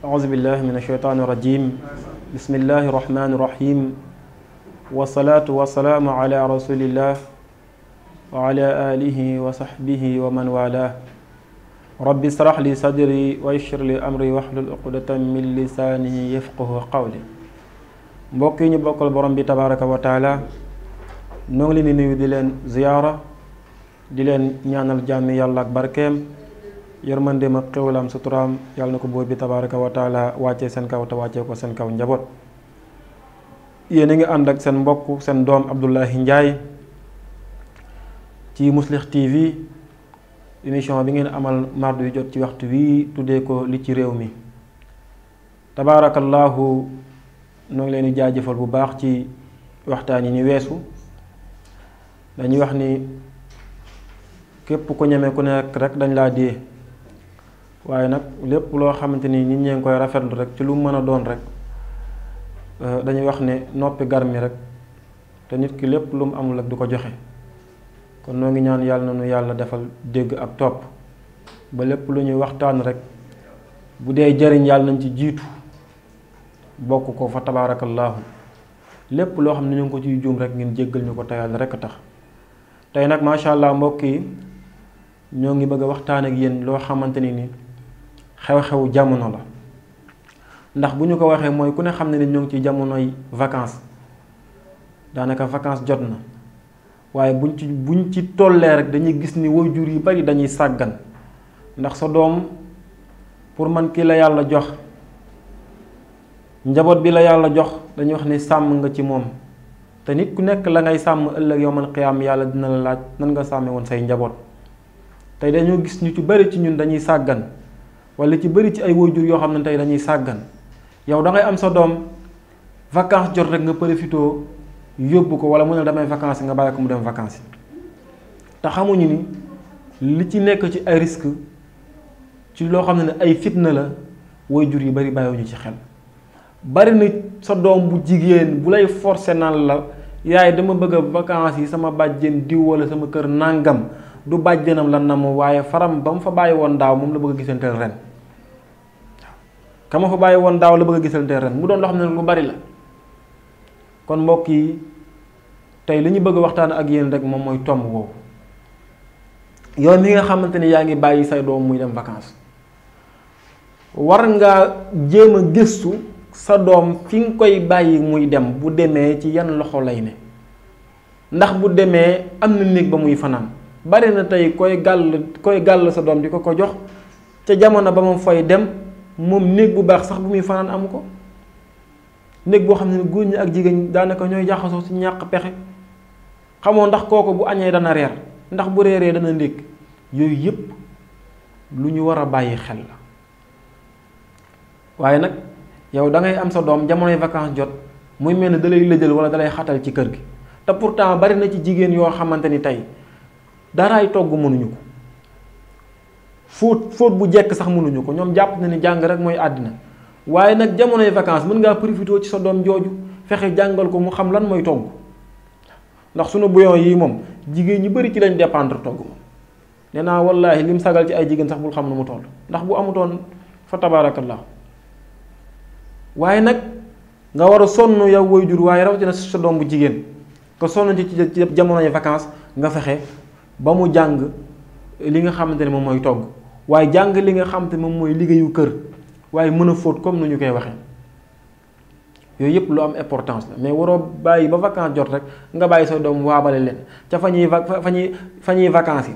أعوذ بالله من الشيطان الرجيم بسم الله الرحمن الرحيم والصلاة والسلام على رسول الله وعلى آله وصحبه ومن والاه رب اشرح لي صدري ويسر لي أمري واحلل عقدة من لساني يفقه قولي mbokk yi ñu bokkal borom bi tabaraka wa taala noo ngi leen di nuyu di leen ziyaara di leen ñaanal jàmm yàlla ak barkeem yërmandeem ak xéwalaam suturaam yàlla na ko buur bi tabaaraka wa taala wàccee seen kaw te wàccee ko seen kaw njaboot yéen a ngi ànd ak seen mbokk seen doom Abdoulaye Ndiaye ci Mouslih TV émission bi ngeen amal mardi yu jot ci waxtu wii tuddee ko li ci réew mi tabaarakallaahu noo ngi leen di jaajëfal bu baax ci waxtaan yi ñu weesu dañuy wax ni képp ku ñeme ku nekk rek dañ laa dee waaye nag lépp loo xamante ni nit ñee ngi koy rafetlu rek ci lu mën a doon rek euh, dañuy wax ne noppi gar mi rek te nit ki lépp lu mu amul ak du ko joxe kon noo ngi ñaan yàlla na nu yàlla defal dégg ak topp ba lépp lu ñuy waxtaan rek bu dee jariñ yàlla nañ ci jiitu bokk ko fa tabaarakallaahu lépp loo xam ne ñu ngi ko ciy jum rek ngeen jéggal ñu ko te yàlla rek tax tey nag macha allah mbokk yi ñoo ngi bëgg a waxtaan ak yéen loo xamante ni ni xew-xewu jamono la ndax bu ñu ko waxee mooy ku ne xam ne ne ñoo ngi ci jamonoy vacances daanaka vacances jot na waaye buñ ci buñ ci tollee rek dañuy gis ni jur yu bari dañuy sàggan ndax sa doom pour man kii la yàlla jox njaboot bi la yàlla jox dañuy wax ne sàmm nga ci moom te nit ku nekk la ngay sàmm ëllëg yowmal qiyaam yàlla dina la laaj nan nga sàmme woon say njaboot tey dañoo gis ñu ci bari ci ñun dañuy sàggan wala ci bëri ci ay waajur yoo xam ne tey dañuy sàggan yow da am sa doom vacance jot rek nga profité yóbbu ko wala mu ne damay vacance nga bàyyi ko mu dem vacance te xamuñu ni li ci nekk ci ay risque ci loo xam ne ay fitna la woy jur yu bari bàyyiwuñu ci xel bari na sa doom bu jigéen bu lay forcer naan la yaay dama bëgg a vacances yi sama bàjjen diw wala sama kër nàngam du bàjjenam la nam waaye faram ba mu fa bàyyi woon daaw moom la bëgg a gisanteel ren ka ma fa bàyyi woon daaw la bëgg a gisal ren mu doon loo xam ne lu bari la kon mbokk yi tey li ñu bëgg waxtaan ak yéen rek moom mooy tomb boobu yow mi nga xamante ni yaa ngi bàyyi say doom muy dem vacances war ngaa jéem a gëstu sa doom fi nga koy bàyyi muy dem bu demee ci yan loxo lay ne ndax bu demee am na néeg ba muy fanaan bari na tey koy gàll koy gàll sa doom di ko ko jox ca jamono ba mu fay dem. moom néeg bu baax sax bu muy fanaan amu ko néeg boo xam ne góor ñi ak jigéen ñi daanaka ñooy jaxasoo ci ñàq pexe xamoo ndax kooku bu añee dana reer ndax bu reeree dana ndékk yooyu yépp lu ñu war a bàyyi xel la waaye nag yow da ngay am sa doom jamonoy vacances jot muy mel ne dalay lëjal wala dalay xatal ci kër gi te pourtant bari na ci jigéen yoo xamante ni tey daraay togg mënuñu ko fóot fóot bu jekk sax mënuñu ko ñoom jàpp na ne jàng rek mooy àddina waaye nag jamonoy vacances mën ngaa profité ci sa doom jooju fexe jàngal ko mu xam lan mooy togg ndax sunu bouillon yi moom jigéen ñu bari ci lañ dépendre togg moom nee naa wallaahi lim sagal ci ay jigéen sax bul xam nu mu toll ndax bu amutoon fa tabaarakallah waaye nag nga war a sonn yow woy jur waaye rawatina sa doom bu jigéen nga sonn ci ci jamonoy vacances nga fexe ba mu jàng li nga xamante ne moom mooy togg. waaye jàng li nga xam te moom mooy liggéeyu kër waaye mën a fóot comme nu ñu koy waxee yooyu yëpp lu am importance la mais waroo bàyyi ba vacance jot rek nga bàyyi sa doom waabale leen ca fa ñuy fa ñuy fa ñuy vacance yi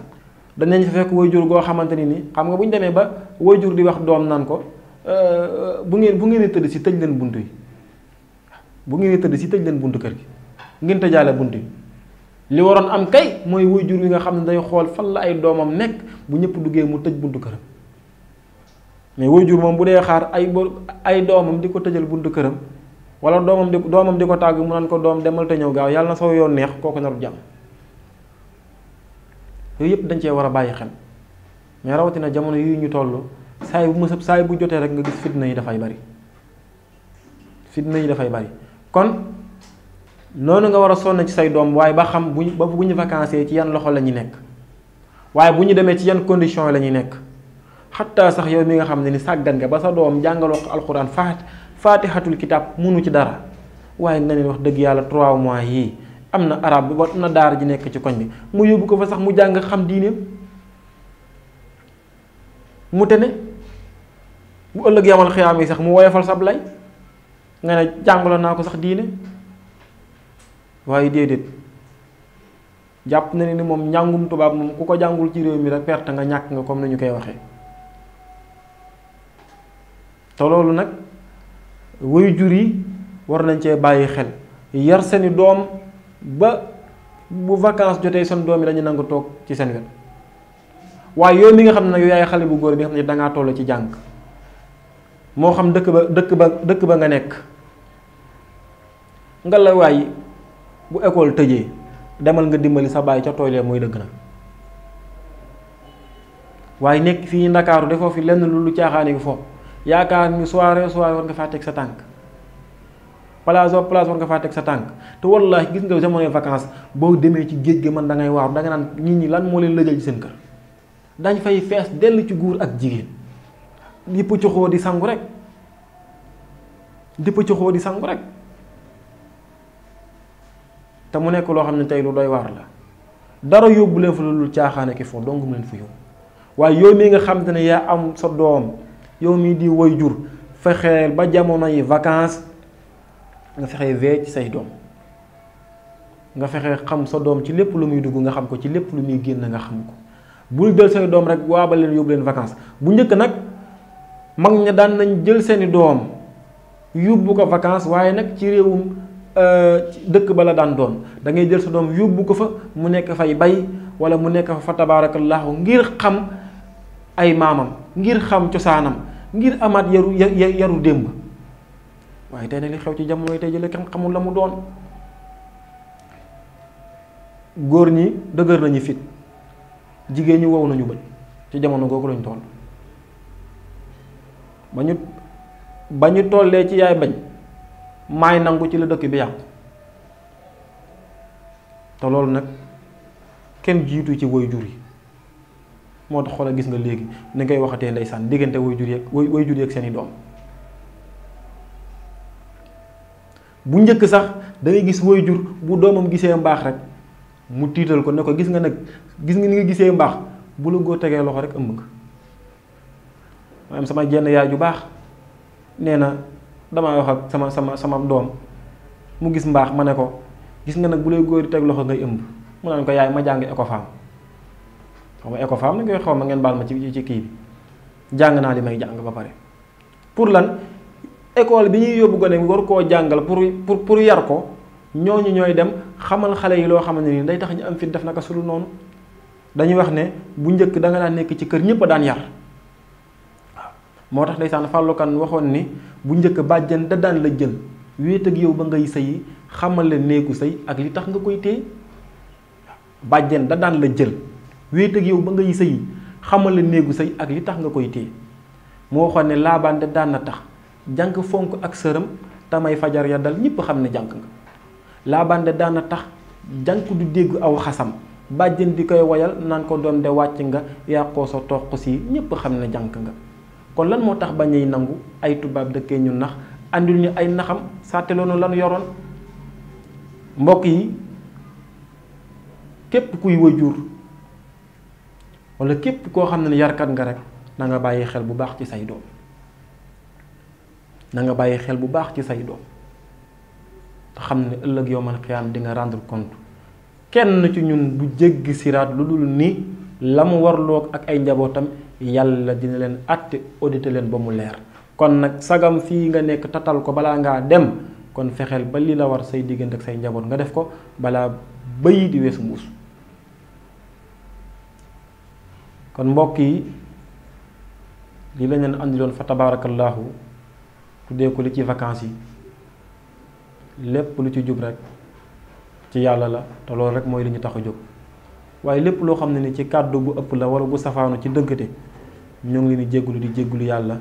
danañ fa fekk jur goo xamante ni nii xam nga bu ñu demee ba jur di wax doom naan ko euh, bu ngeen bu ngeen di tëdd si tëj leen bunt yi bu ngeen di tëdd si tëj leen buntu kër gi ngeen tëjaale bunt yi. li waroon am kay mooy waajur wi nga xam ne day xool fan la ay doomam nekk bu ñëpp duggee mu tëj buntu këram mais waajur moom bu dee xaar ay ay doomam di ko tëjal buntu këram wala doomam di doomam di ko tàgg mu naan ko doom demal te ñëw gaaw yàlla na soo yoon neex kooku naru jàmm yooyu yëpp dañ cee war a bàyyi xel mais rawatina jamono yi ñu toll saay bu mësab saay bu jotee rek nga gis fitna yi dafay bari fitna yi dafay bari kon. noonu nga war a sonn ci say doom waaye ba xam bu ñu ba bu ñu vacancé ci yan loxo la ñuy nekk waaye bu ñu demee ci yan condition la ñuy nekk xataa sax yow mi nga xam ne ni sàggan nga ba sa doom jàngaloo ko alxuraan faat faatixatul kitaab munu ci dara waaye na wax dëgg yàlla trois mois yii am na arab bi ba na daara ji nekk ci koñ bi mu ko fa sax mu jàng xam diineem mu tene bu ëllëg yamal xiyaam yi sax mu woyofal sab lay nga ne jàngaloo naa ko sax diine waaye déedéet jàpp na ne ni moom njàngum tubaab moom ku ko jàngul ci réew mi rek perte nga ñàkk nga comme nañu koy waxee te loolu nag woy jur yi war nañ cee bàyyi xel yar seeni doom ba bu vacances jotee seen doom yi dañu nangu toog ci seen wet waaye yow mi nga xam ne nag yaay xale bu góor bi nga xam ne dangaa toll ci jàng moo xam dëkk ba dëkk ba dëkk ba nga nekk nga la waay bu école tëjee demal nga dimbali sa baay ca tool muy dëgg na waaye nekk fii ndakaaru defoo fi lenn lu lu caaxaani ngi foofu yaakaar ni soirée soirée war nga faa teg sa tànk place place nga faa teg sa tànk te wallaahi gis nga jamonoy vacances boo demee ci géej gi man da ngay waaru da nga naan nit ñi lan moo leen lëjal ci seen kër dañ fay fees dell ci góor ak jigéen di pëccëxoo di sangu rek di pëccëxoo di sangu rek te mu nekk loo xam ne tey lu doy waar la dara yóbbu leen fa lu caaxaane ki foo dong mu leen fa yóbbu waaye yow mii nga xam te ne yaa am sa doom yow mii di woy jur fexeel ba jamono yi vacances nga fexe vee say doom nga fexe xam sa doom ci lépp lu muy dugg nga xam ko ci lépp lu muy génn nga xam ko bul jël say doom rek waaba leen yóbbu leen vacances bu njëkk nag mag ña daan nañ jël seeni doom yóbbu ko vacances waaye nag ci réewum Euh, dëkk ba la daan doon dangay jël sa doom yóbbu ko fa mu nekk fay bay wala mu nekk fa tabaarakallaahu ngir xam ay maamam ngir xam cosaanam ngir amaat yaru yaru démb waaye tey nag li xew ci jamono tey jële kenn xamul la mu doon góor ñi dëgër nañu fit jigéen ñi wow nañu bët ci jamono googu lañu toll ba ñu ba ñu tollee ci yaay bañ maay nangu ci la dëkk bi yàqu te loolu nag kenn jiitu ci woy jur yi moo tax xoolal gis nga léegi ni ngay waxatee ndeysaan diggante way jur yi ak way way jur yi ak seeni doom bu njëkk sax da gis way jur bu doomam gisee mbaax rek mu tiital ko ne ko gis nga nag gis nga ni nga gisee mbaax bu la góor tegee loxo rek ëmb nga maanaam sama jenn yaay ju baax nee na damaa wax ak sama sama sama doom mu gis mbaax ma ne ko gis nga nag bu lay góor di teg loxo ngay ëmb mu naan ko yaay ma jàng Ecofam xaw ma Ecofam nañ koy xaw ma ngeen baal ma ci ci kii bi jàng naa li may jàng ba pare. pour lan école bi ñuy yóbbu gone war koo jàngal pour pour pour yar ko ñooñu ñooy dem xamal xale yi loo xamante ni day tax ñu am fit def naka sulu noonu dañuy wax ne bu njëkk da nga daan nekk ci kër ñëpp daan yar. moo tax ndeysaan Fallou Kane waxoon ni bu njëkk bàjjan da daan la jël wéet ak yow ba ngay sëyi xamal la néegu sëy ak li tax nga koy téye bàjjan da daan la jël wéet ak ba ngay sëyi xamal néegu sëy ak li tax nga koy téye moo waxoon ne laabaan da daan na tax jànq fonk ak sëram tamay fajar ya dal ñëpp xam ne jànk nga laabaan da daan na tax jànk du dégg aw xasam bàjjan di koy woyal naan ko doon de wàcc nga yàqoo sa toq si ñëpp xam ne jànk nga kon lan moo tax bañ ay nangu ay tubaab dëkkee ñu nax andil ñu ay naxam sàtteloonu lan yoroon mbokk yi képp kuy waajur walla képp koo xam ne yarkat nga rek na bàyyi xel bu baax ci say doom na nga bàyyi xel bu baax ci say doom te xam ne ëllëg yowmal xiyaam dinga nga kont compte kenn ci ñun bu jéggi siraat lu dul nii la mu warloog ak ay njabootam yàlla dina leen àtte audité leen ba mu leer kon nag sagam fii nga nekk tatal ko balaa ngaa dem kon fexeel ba li la war say diggante ak say njaboot nga def ko balaa bëy di weesu mbuus kon mbokk yi li lañ leen andiloon fa tabaarakallaahu tuddee ko li ci vacances yi lépp lu ci jub rek ci yàlla la te loolu rek mooy li ñu tax a jóg waaye lépp loo xam ne ni ci kàddu bu ëpp la wala bu safaanu ci dëggate ñoo ngi leen di jéggulu di jéggulu yàlla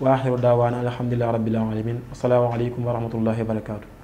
wa axiru daawaana alhamdulilahi rabbil alamin asalaamaaleykum wa rahmatullahi wa barakaatu